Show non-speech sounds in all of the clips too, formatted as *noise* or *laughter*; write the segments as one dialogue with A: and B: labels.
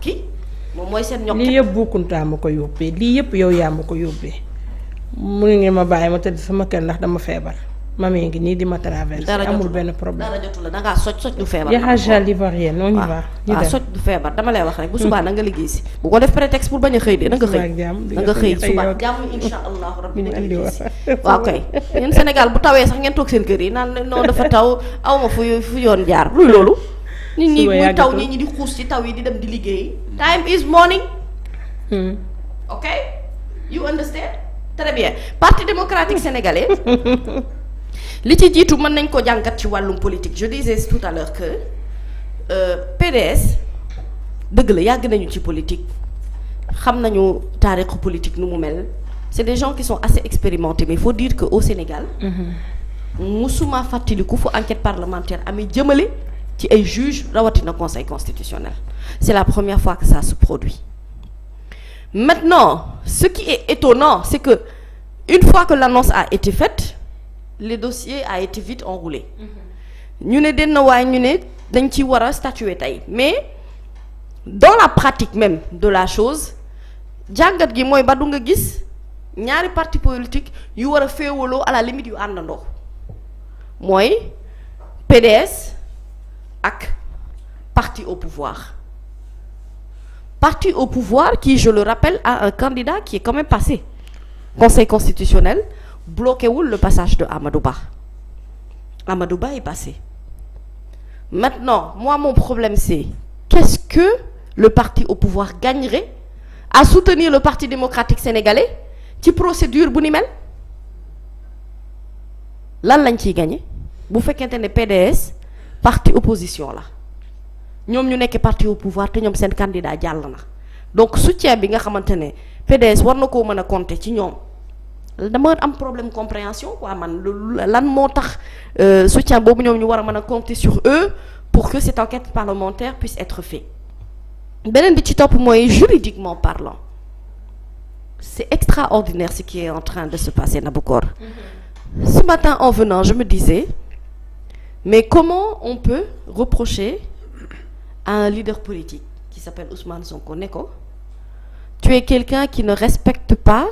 A: bukki moom mooy seen. ñoq lii yëpp bukkuntaa ma ko yóbbee lii yëpp yow yaa ma ko yóbbee mu ngi ma bàyyi ma tëdd sama kër ndax dama feebar ma mami ngi nii di ma traversé. amul benn problème dara
B: jotul la da ngaa soj soj du feebar. yaxajal
A: ivoirien noonu ñu baax. dem soj
B: du feebar dama lay wax rek. bu hmm. na nga liggéey si. bu ko def prétexte pour bañ a xëy na nga xëy. na nga xëy subaa jàmm incha allahu rabbi na bu tawee sax ngeen seen kër yi naan non dafa taw aw fu fu yoon jaar luy loolu.
A: nit ñi muy taw nit
B: ñi di xuus ci taw yi di dem di liggéey. time is morning. Hmm. ok you understand. très bien parti démocratique sénégalais. *laughs* li ci jiitu mën nañ ko jàngat ci wàllum politique je disais tout à l'heure que euh, PDS dëgg la yàgg nañu ci politique xam nañu taarixu politique nu mu mel c'est des gens qui sont assez expérimentés mais faut dire que au Sénégal. Mm-hmm. musuma fàttaliku fu enquête parlementaire amee jëmale. ci ay juge rawatina conseil constitutionnel c'est la première fois que ça se produit maintenant ce qui est étonnant c'est que une fois que l'annonce a été faite les dossiers a été vite enroulé ñu ne den waaye ñu ne dañ ci war a statuer tey mais dans la pratique même de la chose jàngat gi mooy ba du nga gis ñaari parti politique yu war a féewaloo à la limite yu àndandoo mooy ak parti au pouvoir parti au pouvoir qui je le rappelle a un candidat qui est quand même passé conseil constitutionnel bloqué wul le passage de Amadou Ba Amadou Ba est passé maintenant moi mon problème c'est qu'est-ce que le parti au pouvoir gagnerait à soutenir le parti démocratique sénégalais ci procédure bu ni mel lan lañ ci gagné bu fekkente ne PDS parti opposition la ñoom ñu nekk parti au pouvoir te ñoom seen candidat jàll na donc soutien bi nga xamante ne PDS war na koo mën a compter ci ñoom dama am problème compréhension quoi man lan moo tax euh, soutien boobu ñoom ñu war a mën a compter sur eux pour que cette enquête parlementaire puisse être faite beneen bi ci topp mooy juridiquement parlant c'est extraordinaire ce qui est en train de se passer Nabou mm-hmm. ce matin en venant je me disais. mais comment on peut reprocher à un leader politique qui s'appelle Ousmane Sonko ne ko tu es quelqu'un qui ne respecte pas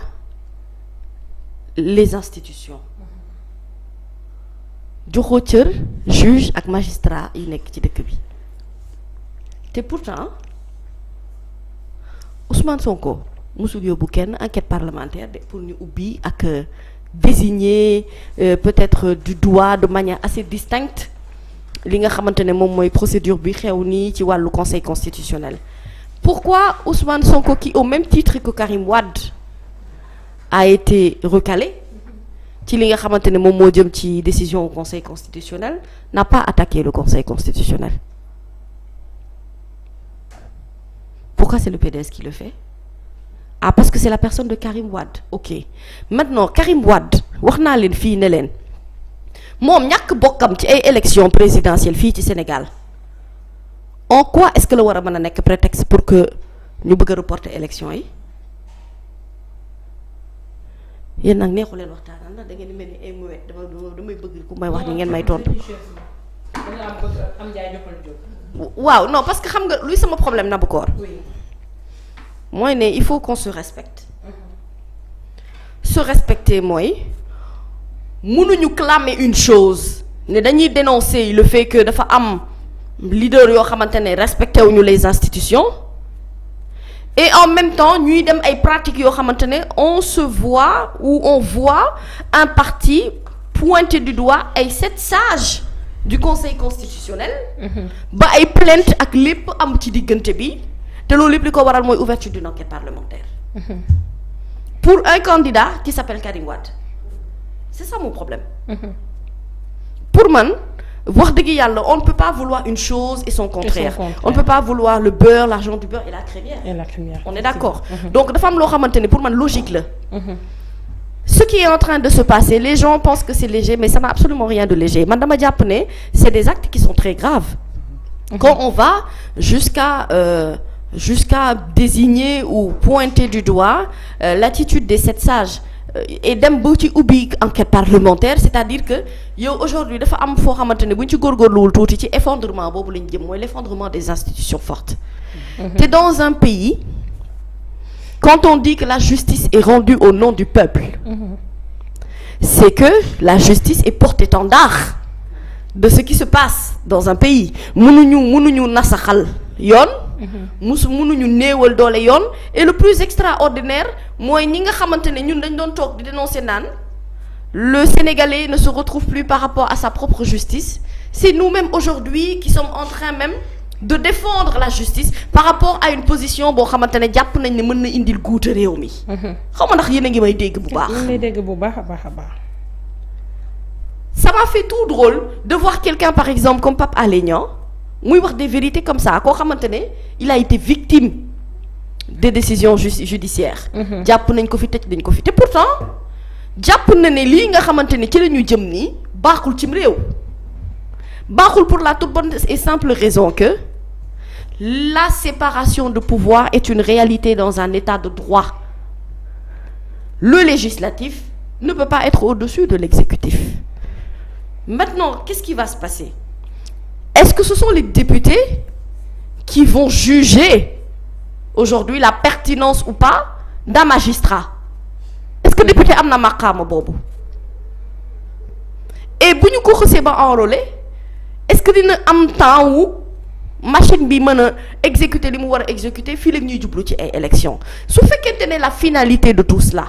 B: les institutions joxoo cër juge ak magistrat yi nekk ci dëkk bi te pourtant Ousmane Sonko musul yóbbu kenn enquête parlementaire de pour ñu ubbi ak euh, désigner euh, peut-être euh, du doigt de manière assez distincte li nga xamante ne moom mooy procédure bi xew nii ci wàllu conseil constitutionnel pourquoi Ousmane son qui au même titre que Karim Wade a été recalé ci li nga xamante ne moom moo jëm ci décision au conseil constitutionnel n'a pas attaqué le conseil constitutionnel pourquoi c'est le PDS qui le fait ah parce que c'est la personne de Karim Wade ok maintenant Karim Wade wax naa leen fii ne leen moom ñàkk bokkam ci ay élections présidentielles fii ci Sénégal en quoi est-ce que la war a mën a nekk prétexte pour que ñu bëgg a reporter élection yi yéen nag neexu leen waxtaan ndax da ngeen di mel ni ay muwet dama damay bëgg ku may wax ni ngeen may tontu. waaw non parce que xam nga luy sama problème nabu Cor. mooy ne il faut qu'on se respecte se respecter mooy mënuñu clamer une chose ne dañuy dénoncer le fait que dafa am leader yoo xamante ne respecté wuñu les institutions et en même temps ñuy dem ay pratiques yoo xamante ne on se voit ou on voit un parti pointer du doigt ay sept sages du conseil constitutionnel mm-hmm. ba ay plainte ak lépp am ci diggante bi te loolu lépp li ko waral mooy ouverture d'une enquête parlementaire pour un candidat qui s'appelle Karim Wade c'est ça mon problème pour man wax dëgg yàlla on ne peut pas vouloir une chose et son contraire on ne peut pas vouloir le beurre l'argent du beurre et la crémière on est d'accord donc dafa am loo xamante pour man logique la ce qui est en train de se passer les gens pensent que c'est léger mais ça n'a absolument rien de léger man dama jàpp ne c'est des actes qui jusqu'à désigner ou pointer du doigt euh, l'attitude des sept sage euh, et dem ba ci ubbi enquête parlementaire c'est-à-dire que yow aujourd'hui dafa am foo xamante ne bu ñu ci góorgóorluwul tuuti ci effondrement boobu la ñu jëm mooy l'effondrement des institutions fortes mhm. te dans un pays quand on dit que la justice est rendue au nom du peuple mhm. c'est que la justice est porte-étendard de ce qui se passe dans un pays mënuñu mënuñu nasaxal yoon musu mënuñu néewal doole yoon et le plus extraordinaire mooy ñi nga xamante ne ñun dañu doon toog di dénoncer naan le Sénégalais ne se retrouve plus par rapport à sa propre justice c'est nous-mêmes aujourd'hui qui sommes en train même de défendre la justice par rapport à une position boo xamante ne jàpp nañ ne mën na indil guuta réew mi mhm. xaw ma ndax yéen a ngi may dégg
A: bu baax may dégg bu baax a baax a baax
B: ça m'a fait tout drôle de voir quelqu'un par exemple comme Pape Alé Niang muy wax des vérités comme ça koo xamante ne il a été victime des décisions judiciaires mhm. jàpp nañ ko fi tëj dañ ko fi te pourtant jàpp na ne lii nga xamante ne ci la ñu jëm nii baaxul cim réew baaxul pour la toute bonne et simple raison que la séparation de pouvoir est une réalité dans un état de droit le législatif ne peut pas être au-dessus de l'exécutif maintenant qu'est-ce qui va se passer Est-ce que ce sont les députés qui vont juger aujourd'hui la pertinence ou pas d'un magistrat est-ce que député am na maqaama boobu et bu ñu ko xësee ba enrôler est-ce que na am temps wu machine bi mën a exécuter li mu war a exécuter fii la ñuy jublu ci ay élections su fekkente ne la finalité de tout cela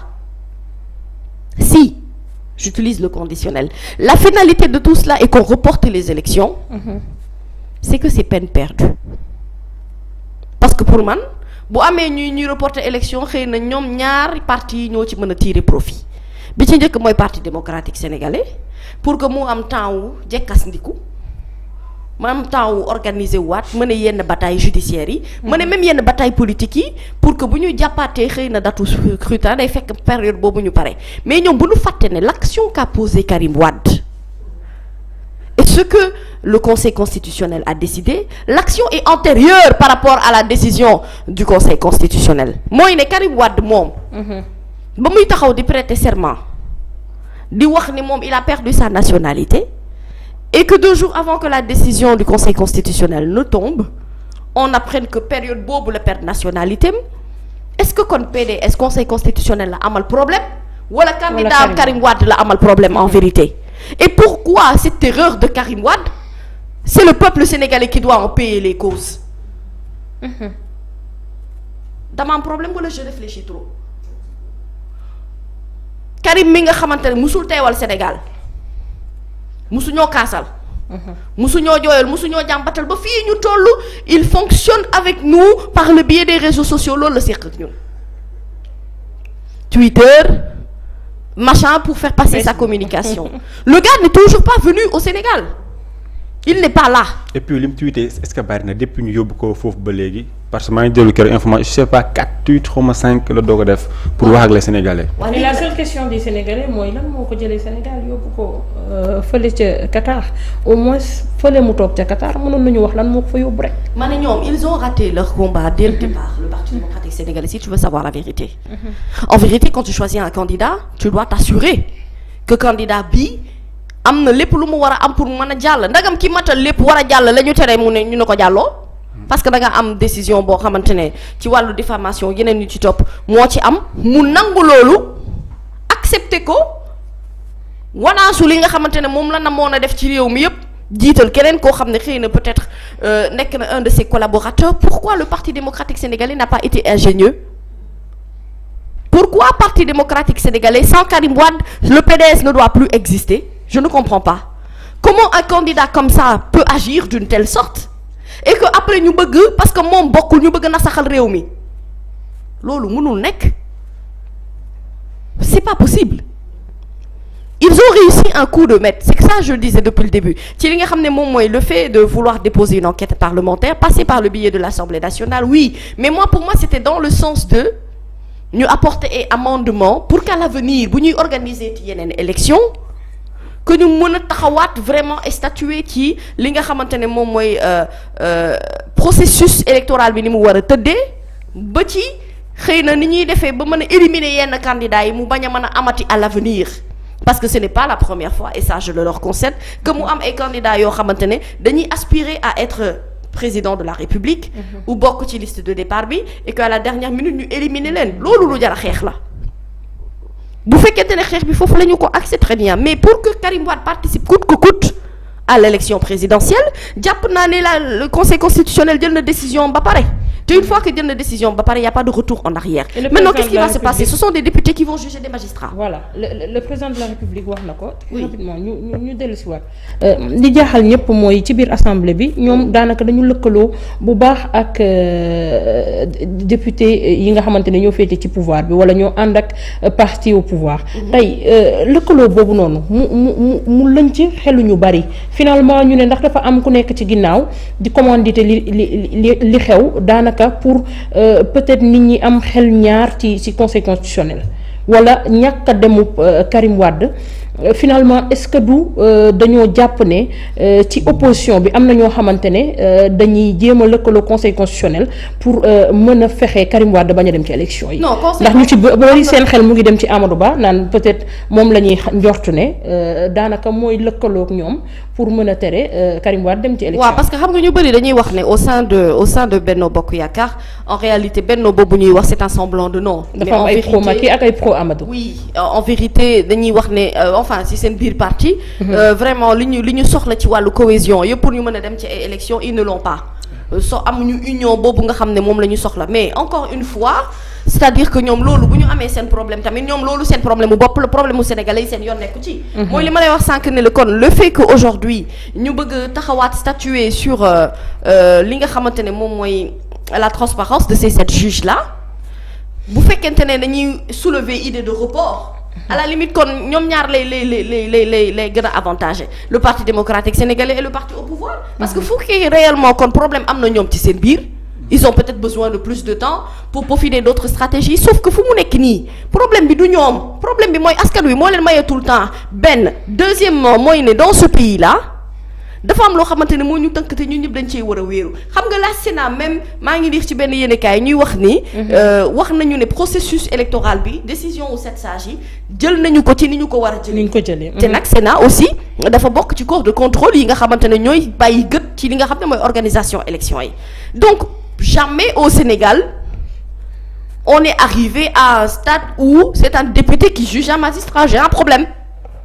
B: si j'utilise le conditionnel la finalité de tout cela est qu'on reporte les élections. Mm-hmm. c'est que c'est peine perdue parce que pour man bu amee ñuy ñuy reporter élection xëy na ñoom ñaari parti yi ñoo ci mën a tiire profit bi ci njëkk mooy parti démocratique sénégalais pour que mu am temps wu jekkas ndiku ma am temps wu organiser waat mën a yenn bataille judiciaire yi mën ne mm-hmm. même yenn bataille politique yi pour que bu ñu jàppaatee xëy na datu scrutin day fekk période boobu ñu pare mais ñoom bu ñu fàtte ne l'action qu'a posée Karim Wade Et ce que le Conseil constitutionnel a décidé, l'action est antérieure par rapport à la décision du Conseil constitutionnel. mooy ne Karim Wade moom. Mhm. ba muy taxaw di prêter serment di wax ni moom il a perdu sa nationalité et que deux jours avant que la décision du Conseil constitutionnel ne tombe on apprenne que période boobu la perte nationalité est-ce que kon PDS Conseil constitutionnel la amal problème. wala candidat Karim Wade la amal problème en mhm. vérité. Et pourquoi cette terreur de Karim Wade? C'est le peuple sénégalais qui doit en payer les causes. Mmh. problème wala je réfléchis trop Karim mi nga xamante ne musul teewal Sénégal musuñoo kaasal. Mm-hmm. musuñoo jooyal musuñoo jàmbatal ba fii ñu toll il fonctionne avec nous par le biais des réseaux sociaux loolu la séq ak ñun Twitter. machin pour faire passer sa communication le gars n'est toujours pas venu au Sénégal il n'est pas là.
A: et puis li mu tweeté est-ce que na depuis ñu yóbbu ko foofu ba léegi. parce que maa ngi dellu keroog information pas 4 8 la doog a def pour wax ak les sénégalais. mooy lan moo ko jëlee Sénégal yóbbu ko euh, fële ca Qatar au moins fële mu toog ca Qatar mënoon nañu wax lan moo ko fa yóbbu rek. ma ne ñoom ils ont raté leur combat
B: dès le mm-hmm. départ le parti mm-hmm. démocratique savoir la vérité.
A: Mm-hmm.
B: en vérité quand tu choisis un candidat tu dois t'assurer que candidat bi am na lépp lu mu war a am pour mën a jàll ndagam ki matal lépp war a jàll la ñu ko jàlloo. parce que da nga am décision boo xamante ne ci wàllu diffamation yeneen yu ci topp moo ci am mu nangu loolu accepter ko wanaasu li nga xamante ne moom la namoon a def ci réew mi yëpp. jiital keneen koo xam ne xëy na peut-être euh, nekk na un de ses collaborateurs pourquoi le parti démocratique sénégalais n'a pas été ingénieux pourquoi parti démocratique sénégalais sans Karim Wade le PDS ne doit plus exister je ne comprends pas comment un candidat comme ça peut agir d'une telle sorte et que après ñu bëgg parce que moom bokkul ñu na nasaxal réew mi loolu mënul nekk c'est pas possible ils ont réussi un coup de maître c'est que ça je le disais depuis le début ci li nga xam ne moom mooy le fait de vouloir déposer une enquête parlementaire passer par le biais de l'Assemblée nationale oui mais moi pour moi c'était dans le sens de ñu apporter ay amendement pour qu'à l'avenir bu ñuy organiser yeneen élection que ñu mën a taxawaat vraiment statuer ci li nga xamante ne moom mooy euh, euh, processus électoral bi ni mu war a tëddee ba ci xëy na ni ñuy defee ba mën a éliminer yenn candidats yi mu bañ a mën a amati à l'avenir parce que ce n'est pas la première fois et ça je le leur mu am ay candidats yoo xamante ne dañuy aspirer à être président de la République mm-hmm. u bokk ci liste de départ bi et qu'à la dernière minute ñu éliminer leen loolu lu jar xeex la bu fekkente ne xeex bi foofu la ñu ko accès très bien mais pour que Karim Wade participe coûte que coûte à l' élection présidentielle jàpp naa ne la le conseil constitutionnel jël na décision ba pare. te une fois que jël na décision ba pare y' a pas de retour en arrière. maintenant qu'est-ce qui va se passer ce sont des députés qui vont juger des magistrats.
A: le le président de la république wax na ko. oui ñu dellu si waat. Euh, li jaaxal ñëpp mooy ci biir assemblée bi ñoom daanaka dañu lëkkaloo bu baax ak euh, député yi nga xamante ne ñoo féete ci pouvoir bi wala ñoo ànd ak euh, parti au pouvoir. Mhm. tey lëkkaloo boobu noonu mu mu mu mu ci xelu ñu bari finalement ñu ne ndax dafa am ku nekk ci ginnaaw xew daanaka pour euh, peut-être nit ñi am xel ñaar ci ci conseil constitutionnel wala ñàkk a demu euh, Karim euh, finalement est-ce que du dañoo jàpp ne ci opposition bi am na ñoo xamante ne dañuy jéem a lëkkaloo conseil constitutionnel pour mën a fexe Karim Wade bañ dem ci élection yi. ndax ñu ci bëri seen xel mu ngi dem ci Amadou Ba naan peut-être moom la ñuy njort ne daanaka mooy lëkkaloog ñoom pour mën a tere euh, Karim Wade dem ci élection waaw parce
B: que xam nga ñu bëri dañuy wax ne au sein de Benno Bokk Yaakaar en réalité Benno boobu ñuy wax c'est un semblant de nom. dafa am ay pro ak ay pro Amadou. oui en vérité dañuy wax ne euh, enfin si seen biir parti. Mhm. Euh, vraiment li ñu li ñu soxla ci wàllu cohésion yëpp pour ñu mën a dem ci ay élections ils ne l'ont pas. soo amuñu union boobu nga xam ne moom la ñu soxla mais encore une fois. c'est-à-dire que ñoom loolu bu ñu amee seen problème tamit ñoom loolu seen problème mu bopp le problème mu sénégalais yi seen yoon nekku ci mhm. mooy li ma lay wax sànq ne la kon le fait que aujourd'hui ñu bëgg taxawaat statuer sur euh, euh, li nga xamante ne moom mooy la transparence de ces sept juges là bu fekkente ne dañuy soulever idée de report à la limite kon ñoom ñaar lay lay lay lay lay lay gën a avantagé le parti démocratique sénégalais et le parti au pouvoir parce que mhm. fu kii réellement kon problème am na ñoom ci seen biir ils ont peut-être besoin de plus de temps pour peaufiner d'autres stratégies sauf que fu mu nekk nii problème bi du ñoom problème bi mooy askan wi moo leen mayee tout le temps benn deuxièmement mooy ne dans ce pays là dafa am loo xamante ne moo ñu tënk te ñun ñëpp dañ cee war a wéeru xam nga la Sénat même maa ngi liir ci benn yéenekaay ñuy wax ni. Mhm. Euh, wax nañu ne processus électoral bi décision wu sept sages yi jël nañu ko ci ni ñu ko war a jëlee. ni ñu ko jëlee. te mhm. nag Sénat aussi dafa bokk ci corps de contrôle yi nga xamante ne ñooy bàyyi gët ci li xam ne mooy organisation élection yi jamais au Sénégal on est arrivé à un stade où c'est un député qui juge un magistrat j'ai un problème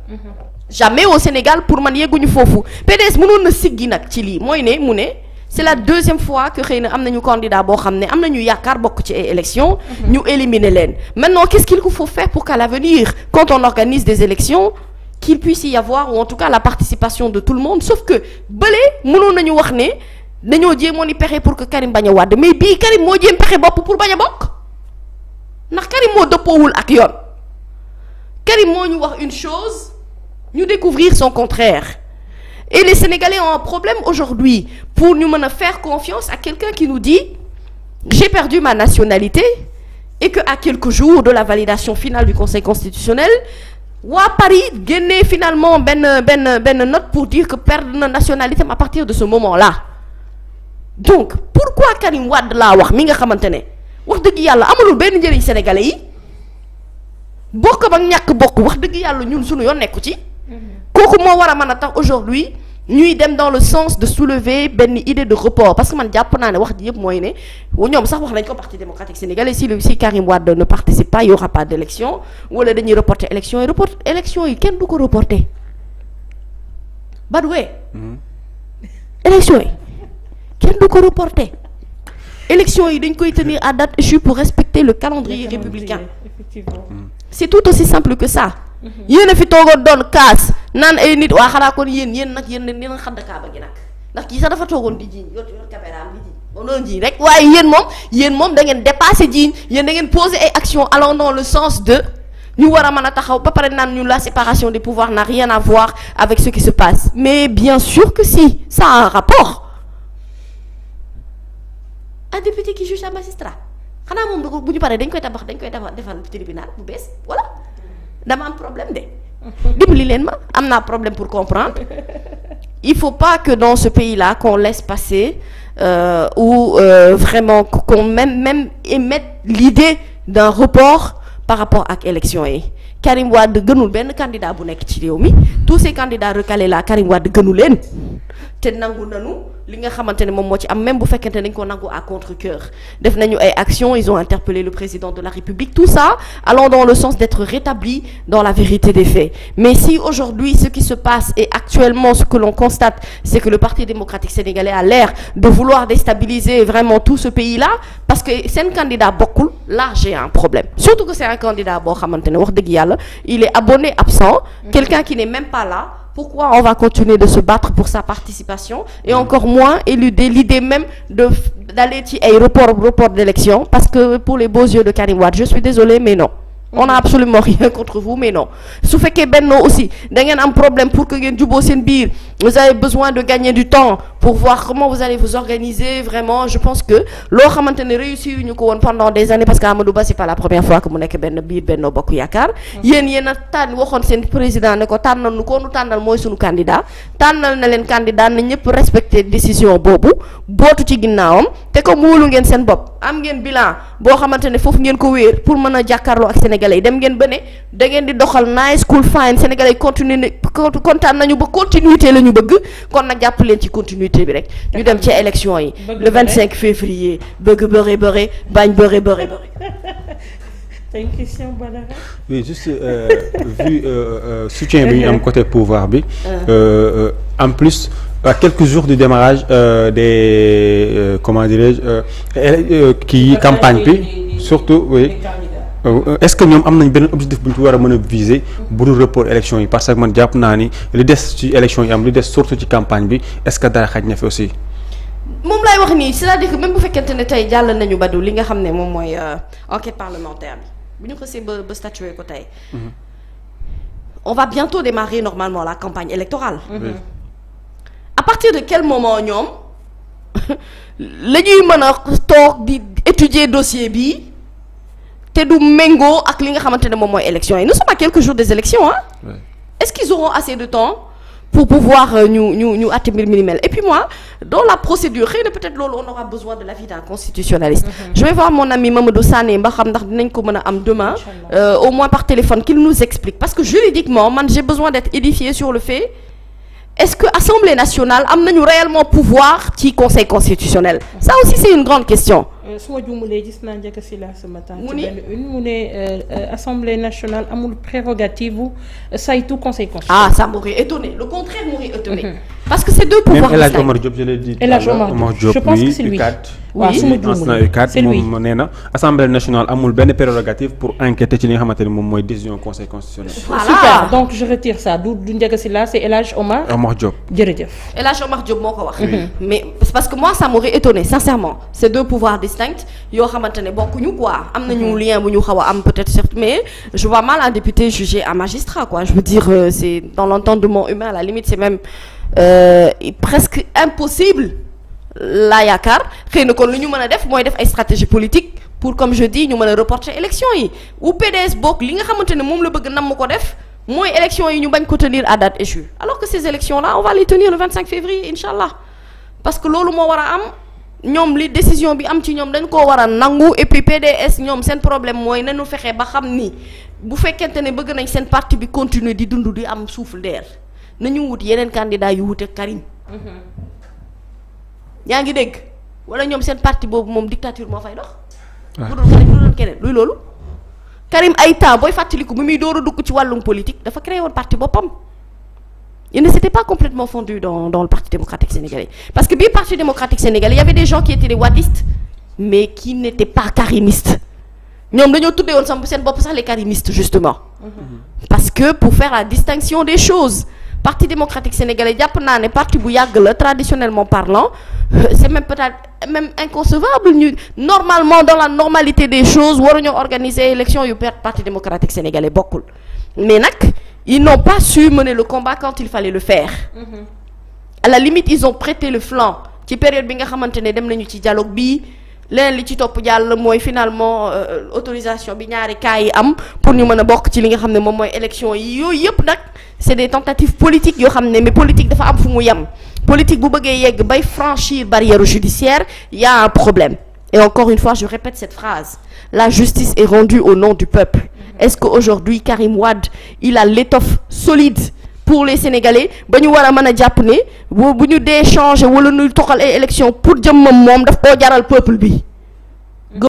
B: mm -hmm. jamais au Sénégal pour man yegguñu foofu PDS mënoon na siggi nag ci lii mooy ne mu ne c'est la deuxième fois que xëy na am nañu candidat boo xam ne am nañu yaakaar bokk ci ay élections mhm. ñu éliminer leen maintenant qu'est-ce qu'il faut faire pour qu'à l'avenir quand on organise des élections qu'il puisse y avoir ou en tout cas la participation de tout le monde sauf que bële mënoon nañu wax dañoo jéemoon ni pexe pour que Karim bañ a wàdd mais bii Karim moo jéem pexe bopp pour bañ a bokk ndax Karim moo dëppoowul ak yoon Karim moo ñu wax une chose ñu découvrir son contraire et les Sénégalais ont un problème aujourd'hui pour ñu mën a faire confiance à quelqu'un qui nous dit j'ai perdu ma nationalité et que à quelques jours de la validation finale du Conseil constitutionnel waa Paris génnee finalement benn benn benn note pour dire que perdre na nationalité à partir de ce moment donc pourquoi Karim Wade laa wax mi nga xamante ne wax dëgg yàlla amalul benn njëriñ sénégalais yi bokk ba ñàkk bokk wax dëgg yàlla ñun suñu yoon nekku ci kooku moo war a mën a tax aujourd'hui ñuy dem dans le sens de soulever benn idée de report parce que man jàpp naa ne wax ji yëpp mooy ne ñoom sax wax nañ ko parti démocratique sénégalais si si Karim Wade ne participe pas y aura pas d' élection wala dañuy reporter élection yi report élection du ko reporter by mm-hmm. the yi kenn du ko reporter élection yi dañ koy tenir à dat échue pour respecter le calendrier républicain
A: effectivement mm.
B: c'est tout aussi simple que ça mm-hmm. yéen a fi toogoon doon kaas naan ay nit waa xanaa kon yéen yen nag yéen yéen xadd kaaba gi nag ndax kii sax dafa toogoon di jiiñ yor yor caméra am jiiñ moom doon jiiñ rek waaye yéen moom yéen moom da ngeen dépassé jiiñ yéen da ngeen poser ay actions allant dans le sens de ñu war a mën a taxaw ba pare naan ñu la séparation des pouvoirs n'a rien à voir mais bien sûr que a un un député qui juge un magistrat xanaa moom dugg bu ñu paree dañ koy tabax dañ koy defal tribunal bu bees voilà dama am problème de. dimbali leen ma am na problème pour comprendre il faut pas que dans ce pays là qu'on laisse passer euh, ou euh, vraiment qu'on même même émette l'idée d'un report par rapport ak élection yi Karim Wade gënul benn candidat bu nekk ci réew mi tous ces candidats recalés là Karim Wade gënu leen te nangu nanu li nga xamante ne moom moo ci am même bu fekkente dañ ko nangu à contre-cœur def nañu ay actions ils ont interpellé le président de la République tout ça allant dans le sens d'être rétabli dans la vérité des faits mais si aujourd'hui ce qui se passe et actuellement ce que l'on constate c'est que le Parti démocratique sénégalais a l'air de vouloir déstabiliser vraiment tout ce pays-là parce que seen candidat bokkul là j'ai un problème surtout que c'est ne wax dëgg yàlla il pourquoi on va continuer de se battre pour sa participation et mm. encore moins éluder l'idée même de d'aller ci ay report report d'élection parce que pour les beaux yeux de Karim Wade je suis désolé mais non on a absolument *laughs* rien contre vous mais non su fekkee Benno aussi da ngeen am problème pour que ngeen juboo seen biir vous avez besoin de gagner du temps pour voir comment vous allez vous organiser vraiment je pense que loo xamante ne réussir ñu ko woon pendant des années parce que Amadou Ba c'est pas la première fois que mu nekk benn biir Benno Bokk Yaakaar yéen yéen a tànn waxoon seen président ne ko tànnal nu ko nu tànnal mooy suñu candidat tànnal na leen candidat na ñëpp respecter décision boobu bootu ci ginnaawam te comme lu ngeen seen bopp am ngeen bilan boo xamante ne foofu ngeen ko wéer pour mën a jàkkaarloo ak sénégalais yi dem ngeen ba ne da ngeen di doxal nice cool fine sénégalais yi continuer ne kontaan nañu ba continuité la ñu bëgg kon nag jàpp leen ci continuité bi rek ñu dem ci élection yi le 25 février bëgg bëre bëre bañ bëri bëre bëre
A: c'est une question Badara. oui juste euh,
B: vu euh, euh, soutien bi ñu am *laughs* côté
A: pouvoir bi ah. euh, en plus à quelques jours du démarrage euh, des euh, comment dirais-je kii euh, euh, campagne bi surtout oui est-ce que ñoom am nañ beneen objectif bu ñu ci war a mën a
B: viser bu dul report élection yi parce que man jàpp naa ni li des ci élection yi am li des surtout ci campagne bi est-ce que dara xaj na fi aussi. moom laay wax nii c'est-à-dire que même bu fekkente ne tey jàll nañu badu li nga xam ne moom mooy enquête parlementaire bi bu ñu xasee ba ba statuer ko tey. Mhm. on va bientôt démarrer normalement la campagne électorale. Mmh. partir de quel moment ñoom *laughs* la ñuy mën a toog di étudier dossier bi te du méngoo ak li nga xamante ne moom mooy élection yi nous sommes à quelques jours des élections est-ce qu'ils auront assez de temps pour pouvoir euh, ñu ñu ñu àtte mbir mi ni mel et puis moi dans la procédure xëy peut-être loolu on aura besoin de l'avis d'un constitutionnaliste. Mm-hmm. je vais voir mon ami Mamadou Sané mba xam ndax dinañ ko mën a am demain. Euh, au moins par téléphone qu'il nous explique parce que juridiquement man j'ai est-ce que assemblée nationale am nañu réellement pouvoir ci conseil constitutionnel ça aussi c'est une grande question
A: Euh, su ma juumalee gis naa njëkk si laa ce matin. mu ni une mu ne euh, euh, assemblée nationale amul prérogative bu saytu conseil constitutionnel. ah ça m'aurait étonné le contraire m'aurait étonné. Mm-hmm. parce que c'est deux
B: pouvoirs distincts. même El Hadj Omar assemblée nationale amul benn prérogative pour enquêter ci li nga xamante ne moom mooy décision conseil constitutionnel.
A: voilà super donc je retire ça du du njëkk c'est El Hadj Omar. Mm-hmm.
B: mais parce que moi ça m'aurait étonné sincèrement c'est deux pouvoirs distincts. distinctes yoo xamante ne bokkuñu quoi am nañu mhm. lien bu ñu xaw a am peut-être certes mais je vois mal un député jugé un magistrat quoi je veux dire euh, c'est dans l'entendement humain à la limite c'est même euh, presque impossible laa yaakaar xëy na kon lu ñu mën a def mooy def ay stratégie politique pour comme je dis ñu mën a reporter élection yi ou PDS bokk li nga xamante ne moom la bëgg nam ko def mooy élection yi ñu bañ ko tenir à date échue alors que ces élections là ñoom li décision bi am ci ñoom dañu koo waral nangu et PDS ñoom seen problème mooy nañu fexe ba xam ni bu fekkente ne bëgg nañ seen parti bi continuer di dundu di am souffle d'air nañu wut yeneen candidat yu wute Karim mm-hmm. yaa ngi dégg wala ñoom seen parti boobu moom dictature moo fay dox ah. bu dul keneen luy loolu Karim ay temps booy fàttaliku bi muy door a dugg ci wàllum politique dafa créé woon parti boppam ils ne s'étaient pas complètement fondus dans le Parti démocratique sénégalais parce que biir Parti démocratique sénégalais il y avait des gens qui étaient des wadistes mais qui n'étaient pas karimistes ñoom dañoo tuddee woon seen bopp sax les karimistes justement
A: mm-hmm.
B: parce que pour faire la distinction des choses Parti démocratique sénégalais jàpp naa ne parti bu yàgg la traditionnellement parlant euh, c'est même peut-être même inconcevable ñu normalement dans la normalité des choses waruñoo organiser élection yu perte Parti démocratique sénégalais bokkul mais nag ils n'ont pas su mener le combat quand il fallait le faire mm-hmm. à la limite ils ont prêté le flanc ci période bi nga xamante ne dem nañu ci dialogue bii leneen li ci topp jàll mooy finalement euh, euh, autorisation bi ñaari cas yi am pour ñu mën a bokk ci li nga xam ne moom mooy élection yi yooyu yëpp nag c'est des tentatives politique yoo xam ne mais politique dafa am fu mu yem politique bu bëggee yegg bay franchir barrière judiciaire y a un problème Et encore une fois, je répète cette phrase. La justice est rendue au nom du peuple. Est-ce qu'aujourd'hui, Karim Wade, il a l'étoffe solide pour les Sénégalais ba ñu war a mën a jàpp ne bu ñu
A: dee changé wala nu toxal ay élection pour jëmmam moom daf koo jaral peuple bi